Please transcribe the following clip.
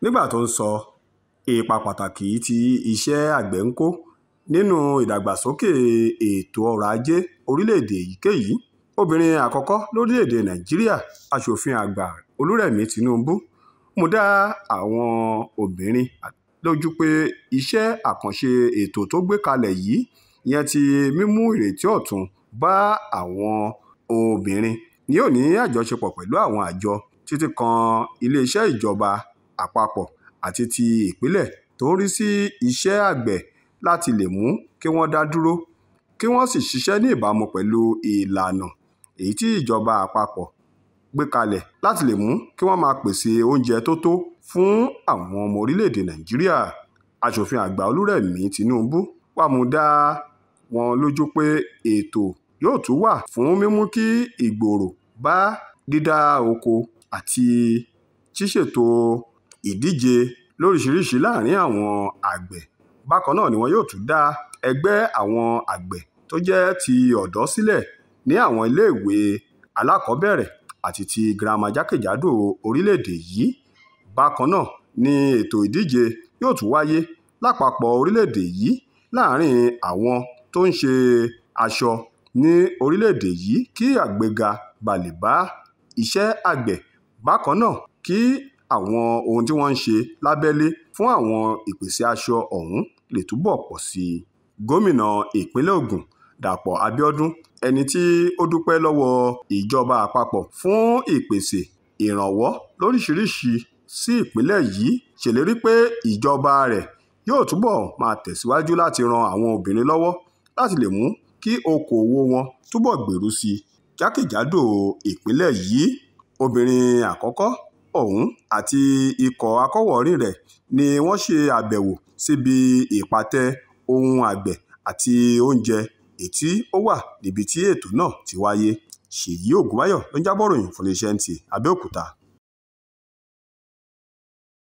nígbà tó ń sọ ipa pàtàkì tí iṣẹ́ àgbẹ̀ ń kó nínú ìdàgbàsókè ètò ọrọ̀ ajé orílẹ̀-èdè èyíkéyìí obìnrin àkọ́kọ́ lórílẹ̀-èdè nàìjíríà asòfin àgbà olúrẹ̀mí tinubu mú dá àwọn obìnrin lójú pé iṣẹ́ àkànṣe ètò tó gbé kalẹ̀ yìí yẹn ti mímú ìrètí ọ̀tun bá àwọn obìnrin yóò ní àjọṣepọ̀ pẹ̀lú àwọn àjọ títí kan iléeṣẹ́ ìjọba àpapọ̀ àti ti ìpínlẹ̀ tó ń rí sí iṣẹ́ àgbẹ̀ láti lè mú kí wọ́n dá dúró kí wọ́n sì ṣiṣẹ́ ní ìbámu pẹ̀lú ìlànà èyí tí ìjọba àpapọ̀ gbé kalẹ̀ láti lè mú kí wọ́n máa pèsè oúnjẹ tó tó fún àwọn ọmọ orílẹ̀-èdè nàìjíríà aṣòfin àgbà olúrẹ̀mí tinubu wàmúdá wọn lójú pé ètò yóò tún wà fún mímú kí ìgbòòrò bá dídá oko àti ṣíṣètò ìdíje lóríṣìíríṣìí láàrin àwọn àgbẹ̀ bákan náà ni wọn yóò tún dá ẹgbẹ́ àwọn àgbẹ̀ tó jẹ́ ti ọ̀dọ́ sílẹ̀ ní àwọn iléèwé alákọ̀ọ́bẹ̀rẹ̀ àti ti girama jákèjádò orílẹ̀-èdè yìí bákan náà ni ètò ìdíje yóò tún wáyé lápapọ̀ orílẹ̀-èdè yìí láàrin àwọn tó ń ṣe aṣọ ní orílẹ̀-èdè yìí kí àgbéga balẹ̀ bá iṣẹ́ àgbẹ̀ bákan náà kí àwọn ohun tí wọ́n ń ṣe lábẹ́lé fún àwọn ìpèsè aṣọ ọ̀hún lè túbọ̀ pọ̀ sí i. gómìnà ìpínlẹ̀ Ògùn Dàpọ̀ Abíọ́dún ẹni tí ó dúpẹ́ lọ́wọ́ ìjọba àpapọ̀ fún ìpèsè ìrànwọ́ lóríṣiríṣi sí ìpínlẹ̀ yìí ṣèlérí pé ìjọba rẹ̀ yóò túbọ̀ máa tẹ̀síwájú láti ran àwọn obìnrin lọ́wọ́ láti lè mú kí okòòwò wọn túbọ̀ gbèrú sí i jákèjádò ìpínlẹ̀ yìí obìnrin àkọ́kọ́ ọ̀hún àti ikọ̀ akọ̀wòrìn rẹ̀ ni wọ́n ṣe àbẹ̀wò síbi ìpàtẹ ohun àgbẹ̀ àti oúnjẹ èyí tó wà níbi tí ètò náà ti wáyé ṣèyí ògùnbáyọ̀ ló ń jábọ̀ fún iléeṣẹ́ nt abẹ́òkúta